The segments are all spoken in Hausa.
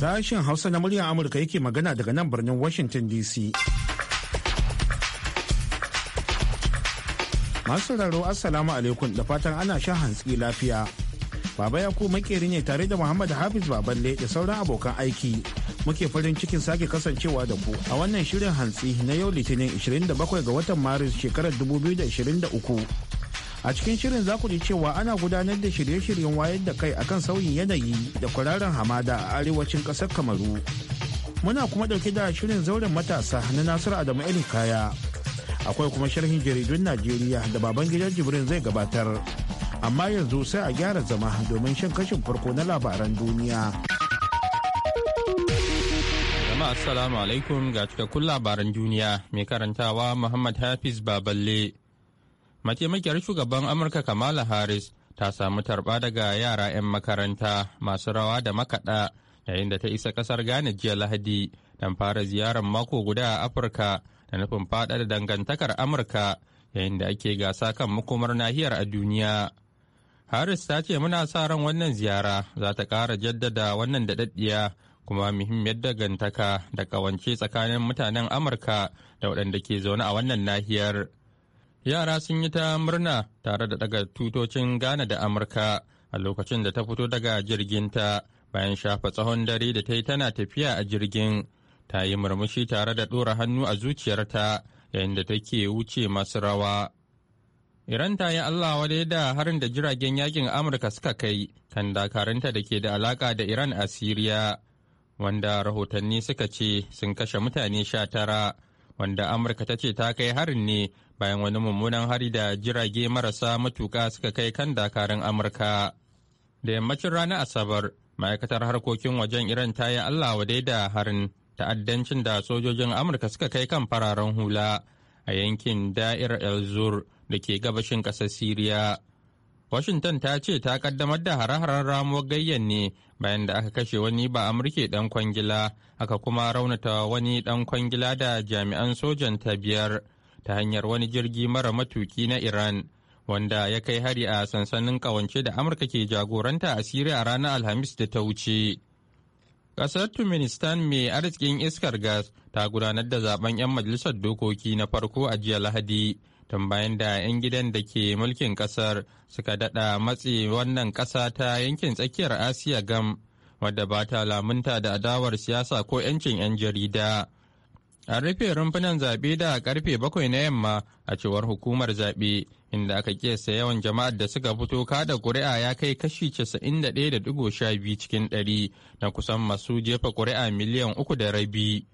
Sashen Hausa na muryar Amurka yake magana daga nan birnin Washington DC. Masu raro Assalamu alaikum da fatan ana shan hantsi lafiya. Baba ku makeri ne tare da Muhammad Hafiz Baballe da sauran abokan aiki. Muke farin cikin sake kasancewa da ku a wannan shirin hantsi na yau Litinin 27 ga watan Maris shekarar 2023. a cikin shirin za ku ji cewa ana gudanar da shirye-shiryen wayar da kai akan sauyin yanayi da kwararren hamada a arewacin ƙasar kamaru muna kuma ɗauke da shirin zauren matasa na nasiru adamu irin kaya akwai kuma sharhin jaridun najeriya da baban gidan jibrin zai gabatar amma yanzu sai a gyara zama domin shan kashin farko na labaran duniya assalamu alaikum ga cikakkun labaran duniya mai karantawa muhammad hafiz baballe mataimakiyar shugaban amurka kamala harris ta samu tarba daga yara 'yan makaranta masu rawa da makaɗa yayin da ta isa ƙasar ghana jiya lahadi don fara ziyarar mako guda a afirka da nufin faɗaɗa dangantakar amurka yayin da ake gasa kan makomar nahiyar a duniya harris ta ce muna sa ran wannan ziyara za ta ƙara jaddada wannan daɗaɗɗiya kuma muhimmiyar dangantaka da ƙawance tsakanin mutanen amurka da waɗanda ke zaune a wannan nahiyar yara sun yi ta murna tare da daga tutocin ghana da amurka a lokacin da ta fito daga jirgin ta, bayan shafa tsawon dare da ta yi tana tafiya a jirgin ta yi murmushi tare da ɗora hannu a zuciyarta yayin da take wuce masu rawa iran ta yi allah wadai da harin da jiragen yakin amurka suka kai kan dakarunta da ke da alaka da iran a siriya wanda rahotanni suka ce sun kashe mutane sha tara wanda amurka ta ce ta kai harin ne bayan wani mummunan hari da jirage marasa matuka suka kai kan dakarun amurka da yammacin ranar asabar ma'aikatar harkokin wajen iran ta yi allah wadai da harin ta'addancin da sojojin amurka suka kai kan fararen hula a yankin da'ir el zur da ke gabashin ƙasar siriya Washington ta ce ta kaddamar da hare-haren ramuwar gayyan ne bayan da aka kashe wani ba amurke dan kwangila aka kuma raunata wani dan kwangila da jami'an sojan ta biyar ta hanyar wani jirgi mara matuki na Iran wanda ya kai hari a sansanin kawance da Amurka ke jagoranta a Siriya a ranar Alhamis da ta wuce. kasar Turkmenistan mai arzikin iskar gas ta gudanar da zaben 'yan majalisar dokoki na farko a jiya Lahadi tun bayan da 'yan gidan da ke mulkin kasar suka dada matse wannan kasa ta yankin tsakiyar asiya gam wadda ba ta lamunta da adawar siyasa ko 'yancin 'yan jarida an rufe rumfunan zaɓe da karfe bakwai na yamma a cewar hukumar zaɓe inda aka kiyasta yawan jama'ar da suka fito kada ƙuri'a ya kai kashi 91.12 cikin 100 na kusan masu jefa ƙuri'a miliyan uku da rabi.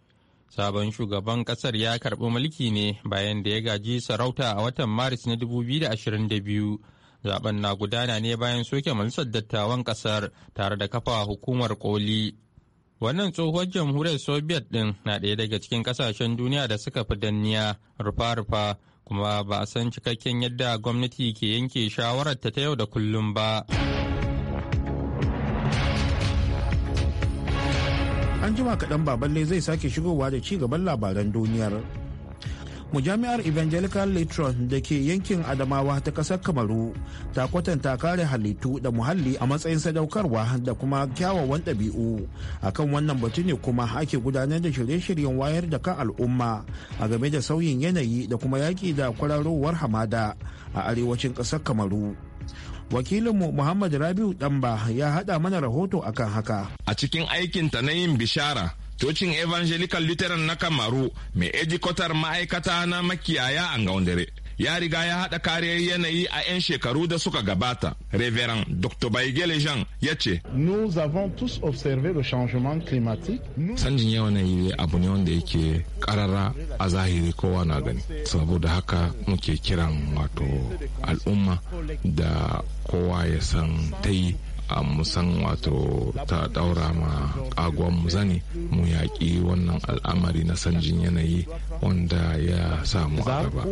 Sabon shugaban kasar ya karbi mulki ne bayan da ya gaji sarauta a watan Maris na 2022. Zaben na gudana ne bayan soke majalisar dattawan kasar tare da kafa hukumar koli. Wannan tsohuwar jamhuriyar Soviet din na ɗaya daga cikin ƙasashen duniya da suka fi danniya rufa-rufa kuma ba a san cikakken yadda gwamnati ke yanke shawarar ta yau da kullum ba. an jima kaɗan baballe zai sake shigowa da ci gaban labaran duniyar mujami'ar evangelical lateran da ke yankin adamawa ta kasar kamaru ta kwatanta kare halittu da muhalli a matsayin sadaukarwa da kuma kyawawan ɗabi'u akan wannan batu ne kuma ake gudanar da shirye-shiryen wayar da kan al'umma a game da sauyin yanayi da kuma yaƙi da kwararowar hamada a arewacin ƙasar kamaru wakilinmu muhammad rabiu ɗanba ya haɗa mana rahoto akan haka a cikin aikinta na yin bishara cocin evangelical lutheran na kamaru mai ejikotar ma'aikata na makiyaya a Ngaundere. ya riga ya haɗa kariyar yanayi a 'yan shekaru da suka gabata. Reverend Dr. Baigele Jean ya ce, Nous avons tous observé le changement climatique. Canjin yanayi abu ne wanda yake karara a zahiri kowa na gani. Saboda haka muke kiran wato al'umma da kowa ya san ta yi a musan wato ta daura ma agon mu zani mu yaƙi wannan al'amari na sanjin yanayi wanda ya samu agaba.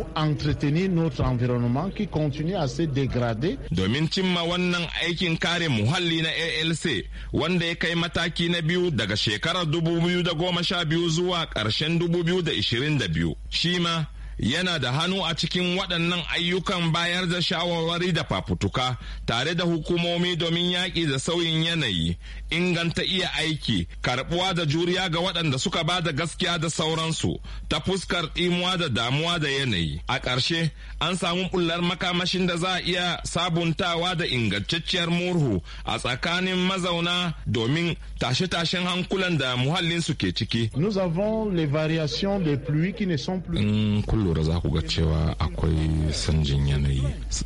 Domin cimma wannan aikin kare muhalli na ALC wanda ya kai mataki na biyu daga shekarar 2012 zuwa ƙarshen 2022 shi ma yana da hannu a cikin waɗannan ayyukan bayar da shawarwari da fafutuka tare da hukumomi domin yaƙi da sauyin yanayi inganta iya aiki karɓuwa da juriya ga waɗanda suka ba da gaskiya da sauransu ta fuskar ɗimuwa da damuwa da yanayi a ƙarshe an samu ɓullar makamashin da za a iya sabuntawa da ingantacciyar murhu a tsakanin mazauna domin tashe-tashen hankulan da muhallinsu ke ciki. Nous avons les variations des pluies qui sont plus. Mm, lura za ku ga cewa akwai sanjin yanayi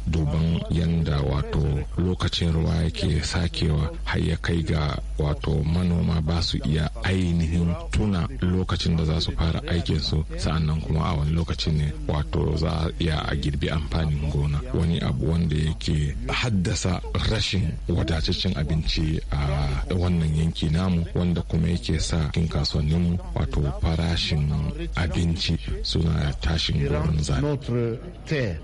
duban yanda wato lokacin ruwa yake sakewa har ya kai ga wato manoma ba su iya ainihin tuna lokacin da za su fara aikin su sa'annan kuma a wani lokaci ne wato za a iya a girbi amfanin gona wani abu wanda yake haddasa rashin wadataccen abinci a wannan yanki namu wanda kuma yake sa kin kasuwanninmu wato farashin abinci suna tashi lokacin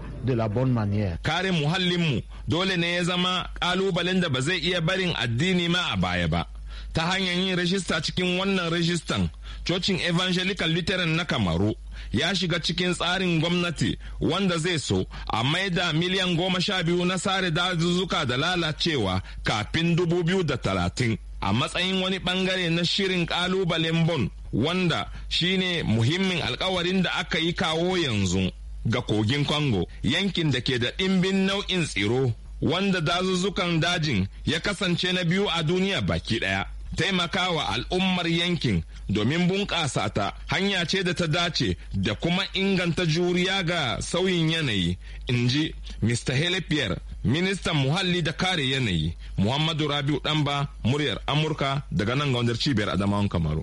Kare muhallinmu dole ne ya zama kalubalen da ba zai iya barin addini ma a baya ba. Ta hanyar yin rajista cikin wannan rajistan, cocin Evangelical Lutheran na Kamaru ya shiga cikin tsarin gwamnati wanda zai so a maida miliyan goma sha biyu na sare dazuzzuka da lalacewa kafin dubu biyu da talatin a matsayin wani bangare na shirin kalubalen bon wanda shine muhimmin alkawarin da aka yi kawo yanzu ga kogin congo yankin da ke da ɗimbin nau'in tsiro wanda dazuzzukan dajin ya kasance na biyu a duniya baki ɗaya taimakawa al'ummar yankin domin bunƙasa ta hanya ce da ta dace da kuma inganta juriya ga sauyin yanayi in ji mr helipier ministan muhalli da kare yanayi muhammadu rabiu Danba muryar amurka daga nan ga wajen cibiyar adamawan kamaru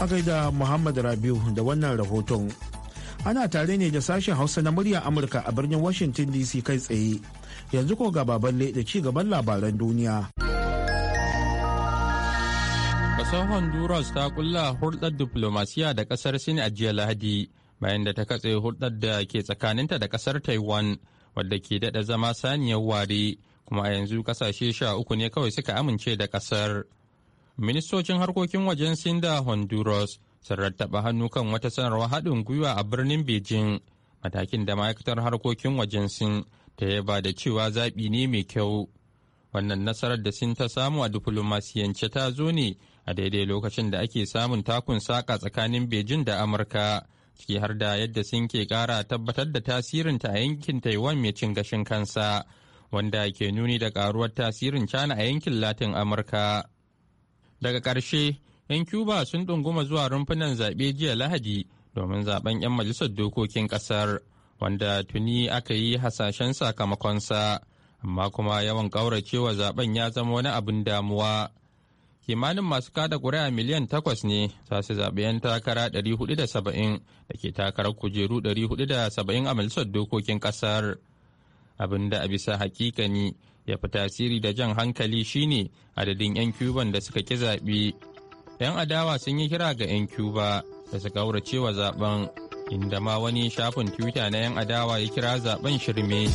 a gaida muhammad rabiu da wannan rahoton ana tare ne da sashen hausa na muryar amurka a birnin washington dc kai tsaye yanzu ko ga baballe da ci gaban labaran duniya. Kasar Honduras ta kulla hulɗar diplomasiya da ƙasar Sin a jiya Lahadi bayan da ta katse hulɗar da ke tsakaninta da ƙasar Taiwan wadda ke daɗa zama saniyar ware kuma a yanzu ƙasashe sha uku ne kawai suka amince da ƙasar. Ministocin harkokin wajen Sin da Honduras sun rattaba hannu kan wata sanarwar haɗin gwiwa a birnin Beijing matakin da ma'aikatar harkokin wajen Sin ta yaba da cewa zaɓi ne mai kyau. Wannan nasarar da Sin ta samu a diflomasiyance ta zo ne a daidai lokacin da ake samun takun saka tsakanin Beijing da Amurka ciki har da yadda sun ke kara tabbatar da tasirinta a yankin Taiwan mai cin gashin kansa wanda ke nuni da karuwar tasirin China a yankin Latin Amurka. Daga ƙarshe, 'yan Cuba sun ɗunguma zuwa rumfunan zaɓe jiya Lahadi domin zaben 'yan majalisar dokokin ƙasar wanda tuni aka yi hasashen sakamakonsa, amma kuma yawan ƙauracewa zaben ya zama wani abin damuwa. kimanin masu kada ƙuri'a miliyan takwas ne za su zaɓi 'yan takara 470 da ke takarar kujeru 470 a majalisar dokokin ƙasar abin a bisa hakikani ya fi tasiri da jan hankali shine adadin 'yan cuban da suka ki zaɓe 'yan adawa sun yi kira ga 'yan cuba da su cewa zaben inda ma wani shafin twitter na 'yan adawa ya kira zaben shirme.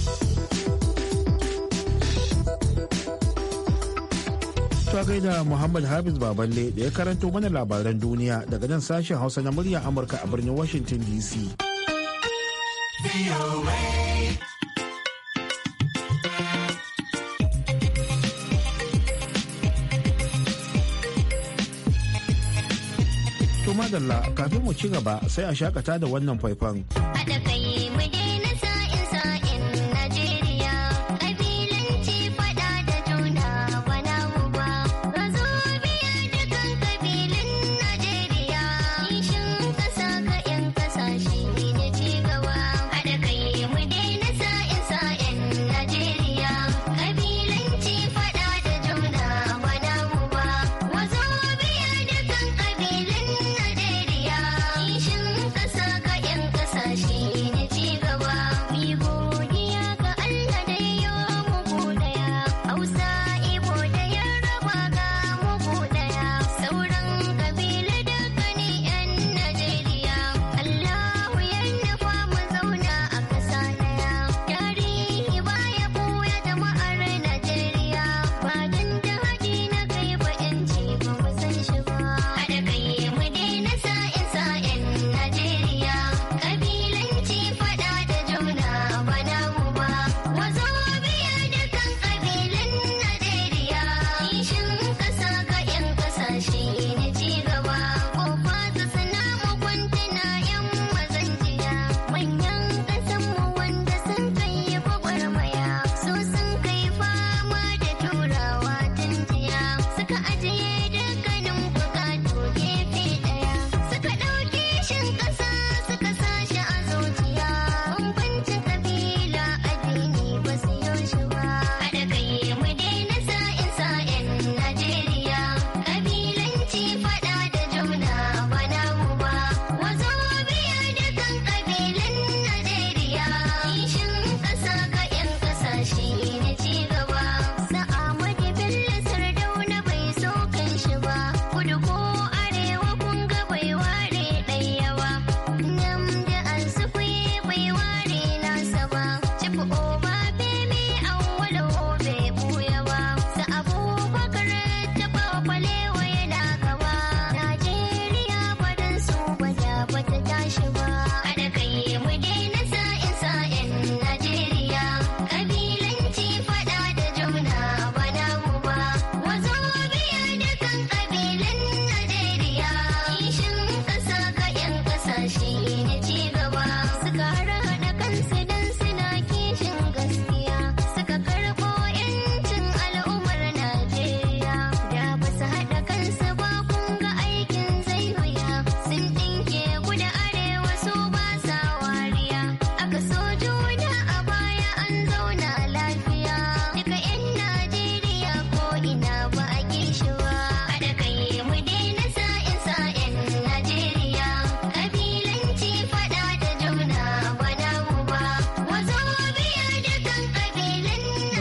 To gaida Muhammad Habib Baballe da ya karanto mana labaran duniya daga nan sashen Hausa na murya Amurka a birnin Washington DC. To madalla kafin mu ci gaba sai a shakata da wannan faifan.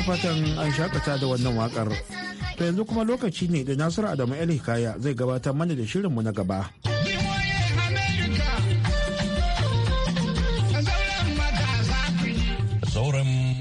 fatan an shakata da wannan wakar. To yanzu kuma lokaci ne da Nasiru Adamu El Hikaya zai gabatar mana da shirinmu na gaba.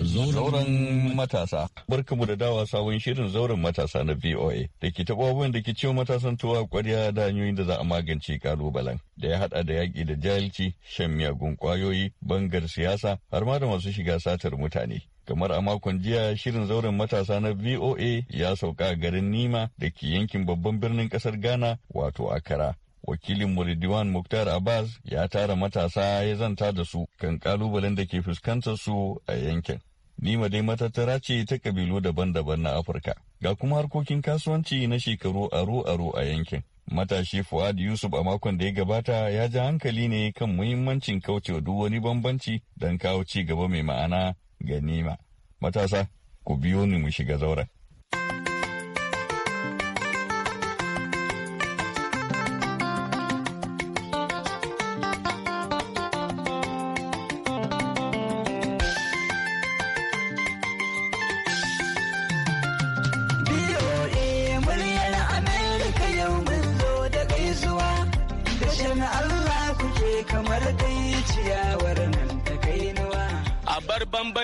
Zauren matasa. Barkamu da dawa sabon shirin zauren matasa na VOA da ke taɓa abubuwan da ke ciwo matasan tuwa kwarya da hanyoyin da za a magance ƙalubalen da ya haɗa da yaƙi da jahilci, shan miyagun ƙwayoyi, bangar siyasa har ma da masu shiga satar mutane. kamar a makon jiya shirin zauren matasa na voa ya sauka a garin nima da ke yankin babban birnin kasar ghana wato akara wakilin muridiwan muktar abbas ya tara matasa ya zanta da su kan kalubalen da ke fuskantar su a yankin nima dai matattara ce ta kabilu daban-daban na afirka ga kuma harkokin kasuwanci na shekaru aro-aro a yankin matashi Fuad Yusuf a makon da ya gabata ya ji hankali ne kan muhimmancin kaucewa duk wani bambanci don kawo ci gaba mai ma'ana ganima. Matasa, ku biyo ni mu shiga zauren.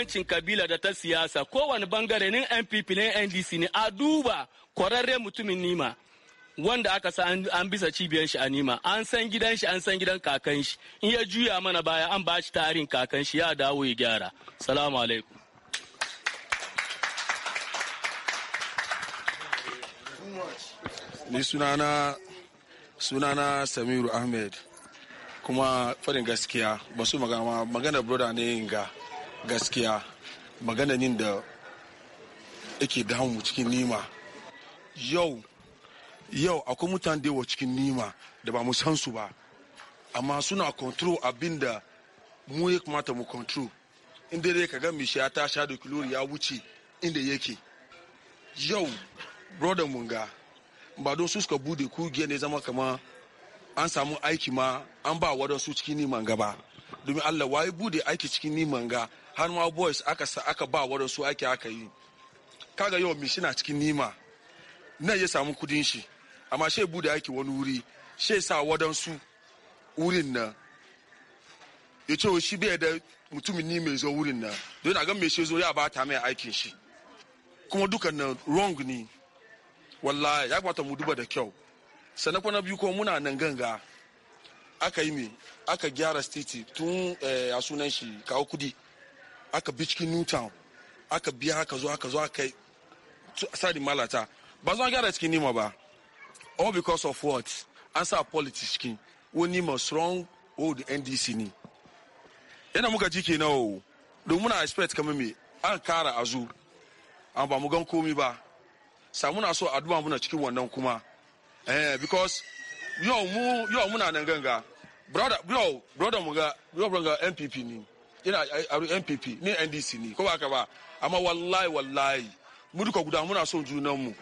bambancin kabila da ta siyasa kowane bangare nin npp ne ndc ne a duba kwararre mutumin nima wanda aka sa an bisa cibiyar shi a nima an san gidan shi an san gidan kakan shi in ya juya mana baya an ba shi tarin kakan shi ya dawo ya gyara salamu alaikum ni sunana sunana samiru ahmed kuma farin gaskiya ba su magana magana broda ne inga gaskiya magananin da yake damu cikin nima yau yau akwai mutane da yawa cikin nima da ba mu san su ba amma suna control abinda da mu ya kamata mu control inda dai ka ga mishi ya ta sha da kilori ya wuce inda yake yau brother munga ba don su suka bude kugiya ne zama kama an samu aiki ma an ba wadansu cikin niman gaba domin allah wa waye bude aiki cikin niman ga har ma boys aka sa aka ba waɗansu ake aka yi kaga yau mi shi na cikin nima nan ya samu kudin shi amma shi bude aiki wani wuri shi sa waɗansu wurin nan ya ce shi bai da mutumin ni mai zo wurin nan don a gan mai shi zo ya ba ta mai aikin shi kuma dukan nan wrong ne wallahi ya kamata mu duba da kyau sannan kwana biyu kuma muna nan ganga aka yi me aka gyara stiti tun eh, a sunan shi kawo kudi aka bi cikin newtown aka biya aka zo aka zo aka sadi malata ba zan gyara cikin nima ba all because of what an sa politics cikin wani ma strong old ndc ne yana muka ji kenan o domin muna expect kamar me an kara a zu an ba mu gan komi ba samu na so addu'a muna cikin wannan kuma eh because yau mu yau muna nan ganga brother yau brother mu ga yau brother MPP ne ina eh, a npp ni ndc ne ko ba ka ba amma wallahi wallahi mu duka guda muna son junan mu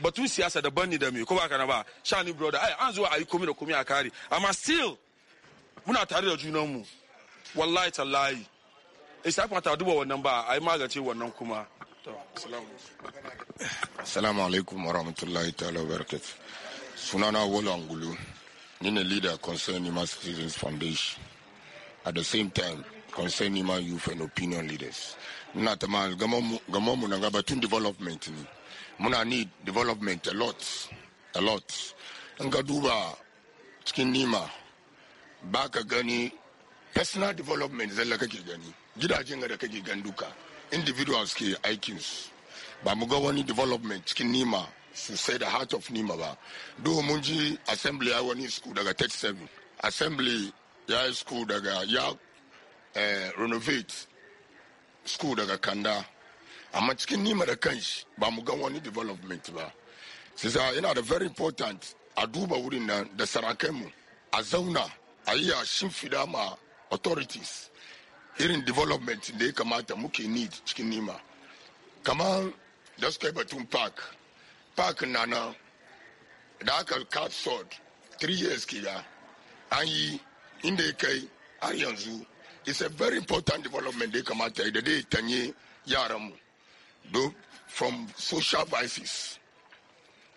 batun siyasa daban ne da me ko ba ka na ba shani brother ai an zo a yi komi da komi a kare amma still muna tare da junan mu wallahi tallahi isa ta duba wannan ba a yi magance wannan kuma Assalamu alaikum wa rahmatullahi ta'ala wa barakatuh. Sunana wolangulu Angulu, ni ne leader concerning Mass Citizens Foundation. At the same time, concerning my youth and opinion leaders Not a man, mu na to tun development ne muna need development a lot a lot in nima baka gani personal development zalla kake gani Gida da kake ganduka. duka individuals ke aikinsu ba wani development cikin nima said the heart of nima ba do mun ji assembly ya wani school daga tech 7 assembly ya school daga ya Eh, renovate school daga kanda amma cikin nima da kanshi ba mu gan wani development ba sisa yana da very important a duba wurin nan da mu a zauna a yi a shimfida ma authorities irin development da ya kamata muke need cikin nima kamar da suka yi batun park park na nan da aka cut short 3 years kiga an yi inda ya kai har yanzu it's a very important development da ya kamata da dai tanye mu do from social vices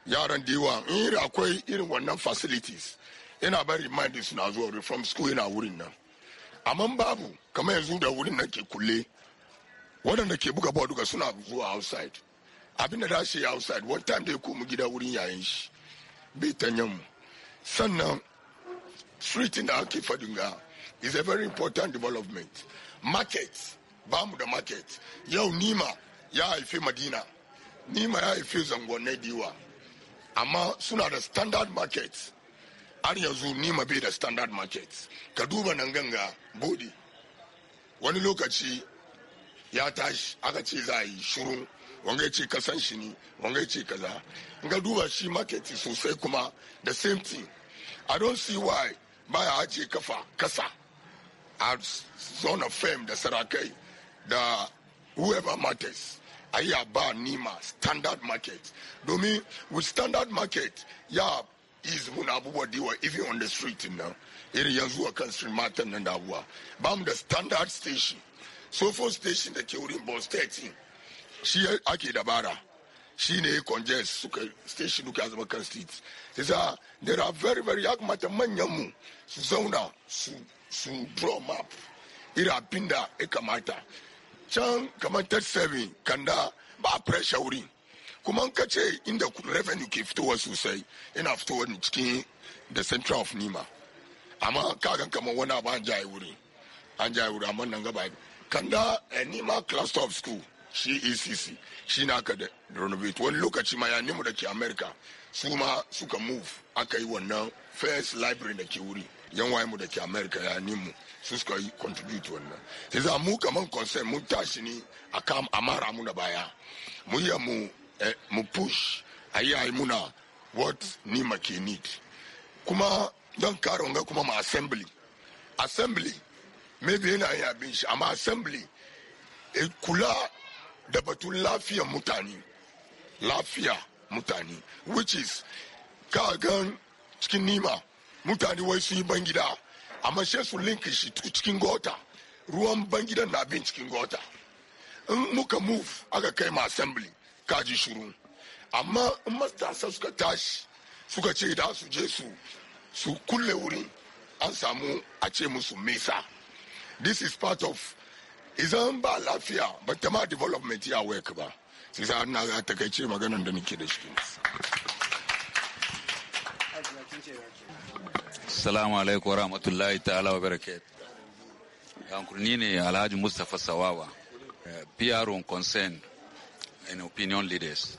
yaran da yawa in akwai irin wannan facilities yana bari remind suna zuwa from school yana wurin nan amma babu kamar yanzu da wurin nan ke kulle waɗanda ke buga ball duka suna zuwa outside abin da shi outside one time da ya komu gida wurin yayin shi bai tanyan mu sannan street da ake fadin ga is a very important development. Markets, bamu da market. Yau Nima ya haifi Madina, Nima ya haifi zangonai diwa. Amma suna da standard market Har yanzu Nima bai da standard market Ka duba nan ganga bodi. Wani lokaci ya tashi aka ce za a yi shuru wanga ya ce kasan shi ne wanga ya kaza Nga ka duba shi market sosai kuma the same thing i don't see why baya ajiye kafa kasa a zone of da sarakai da whoever matters a yi ba nima standard market domin with standard market ya izmuna abubuwa diwa even on the street nan irin yanzu a kan street matan nan da abuwa ba mu da standard station sofo station da ke wurin bus 13 shi ake dabara shi ne congest suka station duka zama kan street sai ah, there are very very ya kamata manyan mu su zauna su sun draw map iri abin da ya kamata can kamar third kanda ba pressure wuri kuma ka ce inda revenue ke fitowa sosai yana fitowa ne cikin the central of nima amma kagan kamar wani abu an jaye wuri an jaye wuri amma nan gaba kanda eh, nima cluster of school shi ecc shi na aka da renovate wani lokaci ma ya nemo da ke america su ma suka move aka yi wannan first library da ke wuri yan waye mu da ke america ya ni mu su suka yi contribute wannan sai za mu kaman concern mun tashi ni a kam amara mu da baya mu yi mu eh, mu push a yi ayi muna what ni ma ke need kuma don kare kuma ma assembly assembly maybe yana yin abin shi amma assembly eh, kula da batun lafiya mutane lafiya mutane which is ka gan cikin nima mutane wai su yi bangida amma sai su linka shi cikin gota ruwan bangidan na bin cikin gota in muka move aka kai ma assembly kaji shuru amma in matasa suka tashi suka ce da su je su su kulle wurin an samu a ce musu mesa this is part of izan ba lafiya ba ta ma development ya work ba sai sa na takaice maganan da nake da shi Salamu alaikum rahmatullahi ta'ala wa barakat. Yankurni ne Alhaji Mustapha Sawawa, eh, PR on concern and opinion leaders.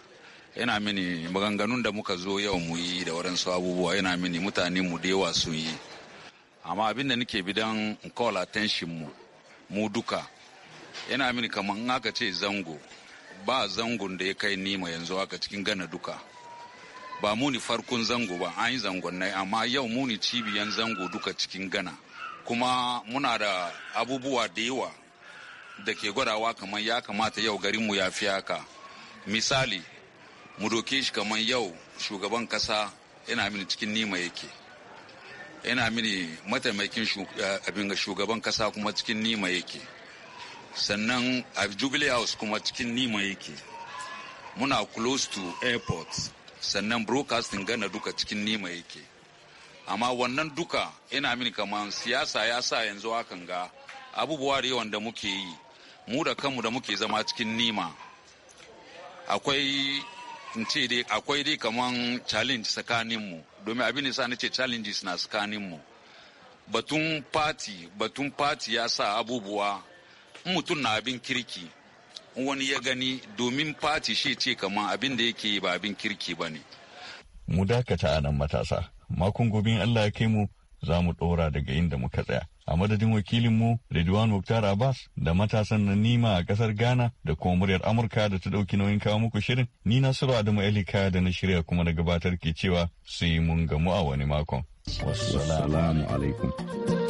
Yana mini maganganun da muka zo yau mu yi da wadansu abubuwa yana mini mutane mu da yawa sun yi. Amma abin da nake bidan call attention mu, mu duka. Yana mini kamar in aka ce zango, ba zangon da ya kai nima yanzu haka cikin gana duka. ba muni farkon zango ba an yi zangon nai amma yau muni cibiyan zango duka cikin gana kuma muna da abubuwa da yawa da ke gwadawa kamar ya kamata yau garinmu ya fi haka misali mu doke shi kamar yau shugaban kasa yana mini cikin nima yake yana mini mataimakin eh, abin shugaban kasa kuma cikin nima yake sannan a jubilee house kuma cikin nima yake muna close to airport sannan broadcasting gana duka cikin nima yake amma wannan duka ina mini kaman siyasa ya sa yanzu hakan ga abubuwa da yawan da muke yi mu da kanmu da muke zama cikin nima akwai in ce dai akwai dai kaman challenge tsakaninmu domin abin da sa na ce challenges na tsakaninmu batun party batun party ya sa abubuwa mutum na abin kirki wani ya gani domin fati shi ce kamar abin da yake ba abin kirki ba ne. Mu dakata a nan matasa, makon gobe Allah ya kai mu za mu ɗora daga inda muka tsaya. A madadin wakilinmu Ridwan muktar Abbas da matasan na Nima a kasar Ghana da kuma muryar Amurka da ta ɗauki nauyin kawo muku shirin, ni Nasiru Adamu Elika da na shirya kuma na gabatar ke cewa sai mun gamu a wani makon. Wassalamu alaikum.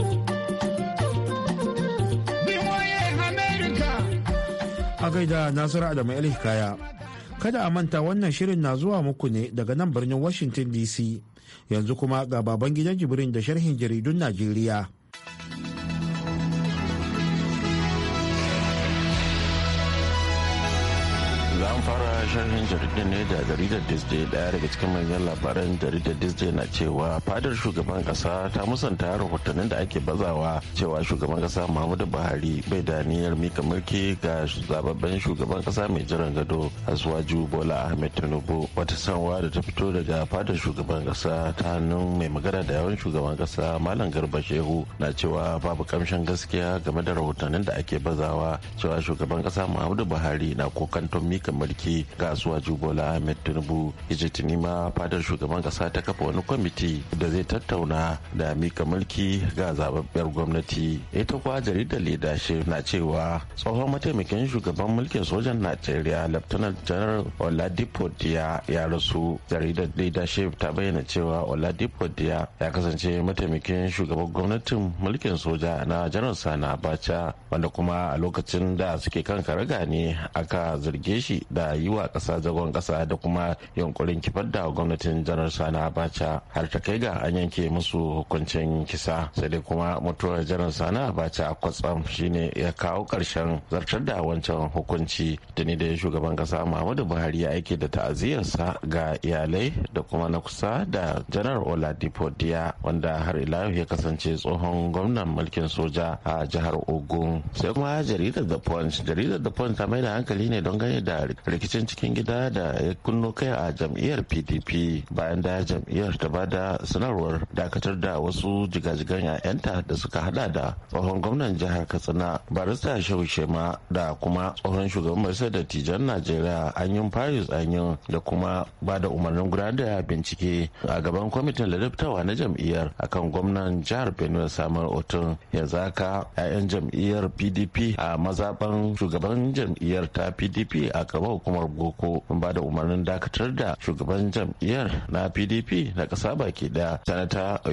a gaida Nasiru Adamu El Kaya. Kada a manta wannan shirin na zuwa muku ne daga nan birnin Washington DC. Yanzu kuma ga baban gidan Jibrin da sharhin jaridun Najeriya. an fara sharhin jaridar ne da jaridar disney daya daga cikin manyan labaran jaridar disney na cewa fadar shugaban kasa ta musanta rahotannin da ake bazawa cewa shugaban kasa muhammadu buhari bai da niyyar mika mulki ga zababben shugaban kasa mai jiran gado asuwaju bola ahmed tinubu wata sanwa da ta fito daga fadar shugaban kasa ta hannun mai magana da yawan shugaban kasa malam garba shehu na cewa babu kamshin gaskiya game da rahotannin da ake bazawa cewa shugaban kasa muhammadu buhari na kokanton mika mulki ga zuwa jubola ahmed tinubu ijitini ma fadar shugaban kasa ta kafa wani kwamiti da zai tattauna da mika mulki ga zababbiyar gwamnati ita kuwa jaridar leadership na cewa tsohon mataimakin shugaban mulkin sojan najeriya lieutenant general oladipo diya ya rasu jaridar leadership ta bayyana cewa oladipo diya ya kasance mataimakin shugaban gwamnatin mulkin soja na janar sana abacha wanda kuma a lokacin da suke kan karaga ne aka zarge shi da yi wa ƙasa zagon ƙasa da kuma yunkurin kifar da gwamnatin janar sani abacha har ta kai ga an yanke musu hukuncin kisa sai dai kuma mutuwar janar sani abacha kwatsam shine ya kawo ƙarshen zartar da wancan hukunci da da shugaban ƙasa muhammadu buhari ya aiki da ta'aziyarsa ga iyalai da kuma na kusa da janar oladipo diya wanda har ila ya kasance tsohon gwamnan mulkin soja a jihar ogun sai kuma jaridar the punch jaridar the punch ta mai da hankali ne don gani da rikicin cikin gida da ya kunno kai a jam'iyyar pdp bayan da jam'iyyar ta ba da sanarwar dakatar da wasu jigajigan 'ya'yanta da suka hada da tsohon gwamnan jihar katsina barista shehu shema da kuma tsohon shugaban majalisar dattijan najeriya anyin paris anyin da kuma ba da umarnin gudanar da bincike a gaban kwamitin ladabtawa na jam'iyyar akan gwamnan jihar benue samar otun yanzu haka 'ya'yan jam'iyyar pdp a mazaban shugaban jam'iyyar ta pdp a gaban hukumar boko ba da umarnin dakatar da shugaban jam'iyyar na pdp na ƙasa baki ɗaya sanata a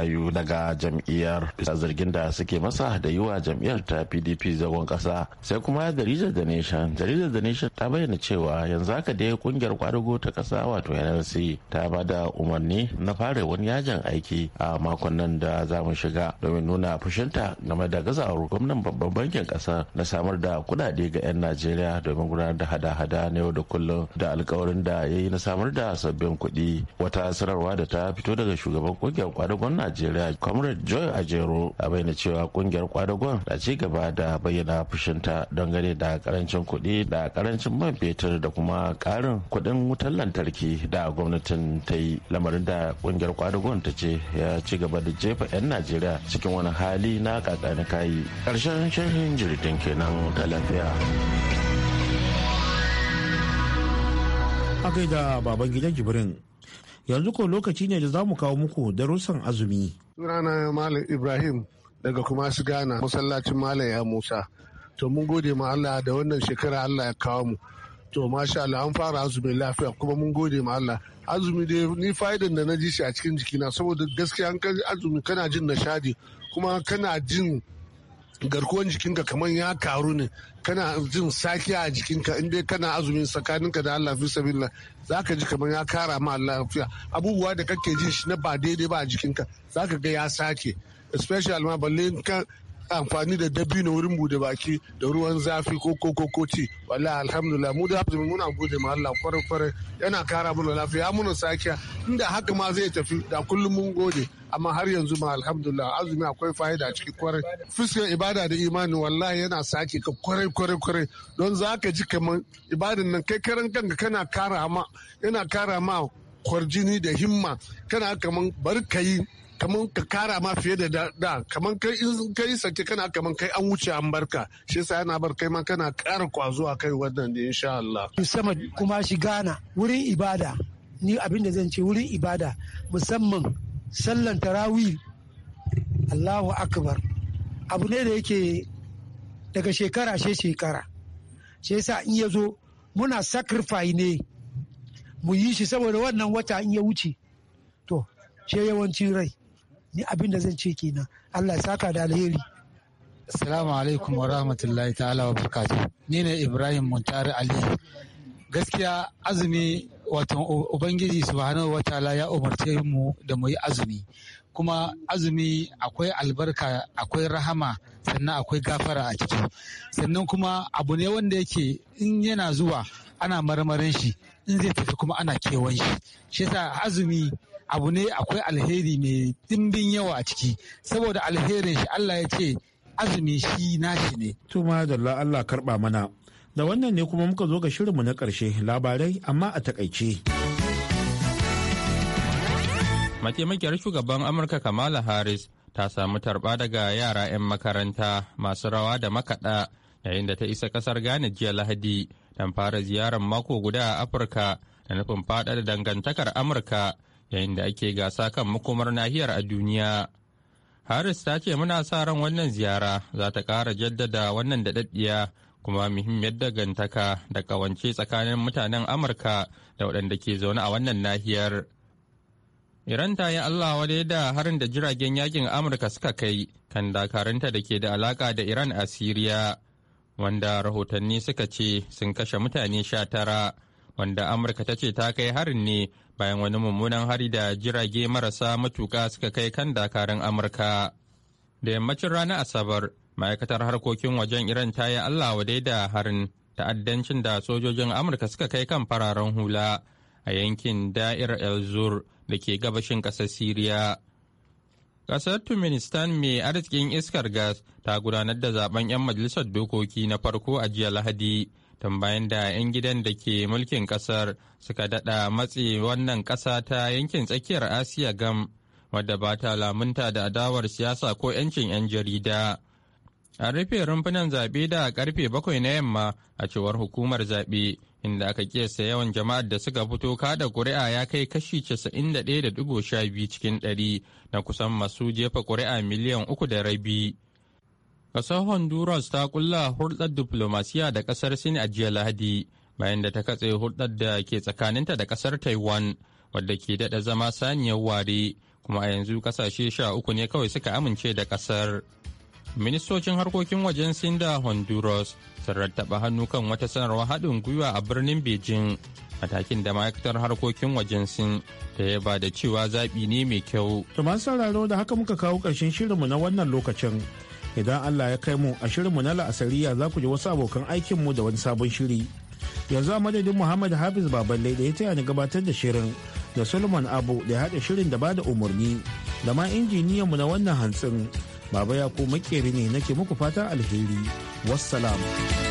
ayu daga jam'iyyar bisa zargin da suke masa da yiwa jam'iyyar ta pdp zagon ƙasa sai kuma jaridar da nation jaridar da nation ta bayyana cewa yanzu haka dai kungiyar kwadugo ta kasa wato nlc ta ba da umarni na fara wani yajin aiki a makon nan da za mu shiga domin nuna fushinta game da gazawar gwamnan babban bankin ƙasa na samar da kuɗaɗe ga 'yan najeriya domin gudanar da hada hada-hada na yau da kullum da alkawarin da ya yi na samar da sabbin kuɗi wata sanarwa da ta fito daga shugaban kungiyar kwadagon najeriya comrade joy ajero a bayyana cewa kungiyar kwadagon na ci gaba da bayyana fushinta gane da karancin kuɗi da karancin man fetur da kuma karin kuɗin wutar lantarki da gwamnatin ta yi lamarin da kungiyar kwadagon ta ce ya ci gaba da jefa 'yan najeriya cikin wani hali na kakani kayi ƙarshen shirin jirgin kenan ta lafiya. A da baban gidan Jibrin. Yanzu ko lokaci ne da za mu kawo muku darussan azumi. Sunana Malam Ibrahim daga kuma su gana. masallacin Malam ya Musa. To mun gode ma Allah da wannan shekara Allah ya kawo mu. To masha Allah an fara azumi lafiya kuma mun gode ma Allah. Azumi dai ni fa'idan da na ji shi a cikin jikina saboda gaskiya an azumi kana jin nishadi kuma kana jin garkuwan jikinka kamar ya karu ne kana jin saki a jikinka in dai kana azumin tsakaninka da Allah fi sabilla za ka ji kamar ya kara ma lafiya abubuwa da kake jin shi na ba daidai ba a jikinka za ka ga ya sake especially ma balle amfani da dabino wurin bude baki da ruwan zafi ko ko ko ko ci wala alhamdulillah mu da muna gode ma Allah kwarai kwarai yana kara mana lafiya muna sakiya inda haka ma zai tafi da kullum mun gode amma har yanzu ma alhamdulillah azumi akwai fa'ida cikin kwarai fuskar ibada da imani wallahi yana sake ka kwarai kwarai kwarai don za ka ji kaman ibadan nan kai karan kanka kana kara ma yana kara ma kwarjini da himma kana kaman barkayi kamar ka kara ma fiye da da kamar kai in kai sake kana kamar kai an wuce an barka shi yasa yana bar kai ma kana kara kwazo a kai wannan da insha Allah sama kuma shi Ghana wurin ibada ni abin da zan ce wurin ibada musamman sallan tarawih Allahu akbar abu ne da yake daga shekara she shekara shi yasa in yazo muna sacrifice ne mu yi shi saboda wannan wata in ya wuce to she yawancin rai ni abin da zan ce kenan allah ya saka da alheri assalamu alaikum wa rahmatullahi ta'ala wa barakatuh ni ne ibrahim muntari ali gaskiya azumi wato ubangiji subhanahu wa ta'ala ya umarce mu da mu yi azumi kuma azumi akwai albarka akwai rahama sannan akwai gafara a ciki sannan kuma abu ne wanda yake in yana zuwa ana marmarin shi in zai tafi kuma ana kewan shi shi azumi abu ne akwai alheri mai dimbin yawa a ciki saboda alherin shi Allah ya ce azumi shi nashi ne tuma da Allah karba mana da wannan ne kuma muka zo ga shirinmu na karshe labarai amma a takaice mataimakiyar shugaban amurka kamala harris ta samu tarba daga yara 'yan makaranta masu rawa da makaɗa yayin da ta isa ƙasar ghana jiya lahadi don fara ziyarar mako guda a afirka da nufin da dangantakar amurka yayin da ake gasa kan makomar nahiyar a duniya. Harris ta ce muna sa ran wannan ziyara za ta kara jaddada wannan daɗaɗɗiya kuma muhimmiyar dagantaka da ƙawance tsakanin mutanen Amurka da waɗanda ke zaune a wannan nahiyar. Iran ta yi Allah wadai da harin da jiragen yakin Amurka suka kai kan dakarunta da ke da alaka da Iran a Siriya, wanda rahotanni suka ce sun kashe mutane sha tara, wanda Amurka ta ce ta kai harin ne bayan wani mummunan hari da jirage marasa matuka suka kai kan dakarun amurka da yammacin ranar asabar ma'aikatar harkokin wajen iran ta yi allah wadai da harin ta'addancin da sojojin amurka suka kai kan fararen hula a yankin da'ir elzur da ke gabashin ƙasar siriya Ƙasar Turkmenistan mai arzikin iskar gas ta gudanar da zaben 'yan majalisar dokoki na farko a jiya Lahadi tun bayan da 'yan gidan da ke mulkin kasar suka daɗa matse wannan ƙasa ta yankin tsakiyar asiya gam wadda ba ta lamunta da adawar siyasa ko 'yancin 'yan jarida a rufe rumfunan zaɓe da karfe bakwai na yamma a cewar hukumar zaɓe inda aka kiyasta yawan jama'ar da suka fito kada ƙuri'a ya kai kashi 91.12 cikin 100 na kusan masu jefa ƙuri'a miliyan uku da rabi. Ƙasar Honduras ta kulla hulɗar diplomasiya da ƙasar Sin a jiya Lahadi bayan da ta katse hulɗar da ke tsakaninta da ƙasar Taiwan wadda ke daɗa zama saniyar ware kuma a yanzu ƙasashe sha uku ne kawai suka amince da ƙasar. Ministocin harkokin wajen Sin da Honduras sun rattaba hannu kan wata sanarwa haɗin gwiwa a birnin Beijing matakin da ma'aikatar harkokin wajen sin ta ya ba da cewa zaɓi ne mai kyau. To da haka muka kawo ƙarshen shirinmu na wannan lokacin idan allah ya kai mu a shirin mu na la'asariya za ku ji wasu abokan mu da wani sabon shiri yanzu a madadin muhammad hafiz baballe da ya taya ni gabatar da shirin da solomon abu da ya haɗa shirin da ba da umarni da ma mu na wannan hantsin baba ya ko makeri ne nake muku fatan alheri wassalamu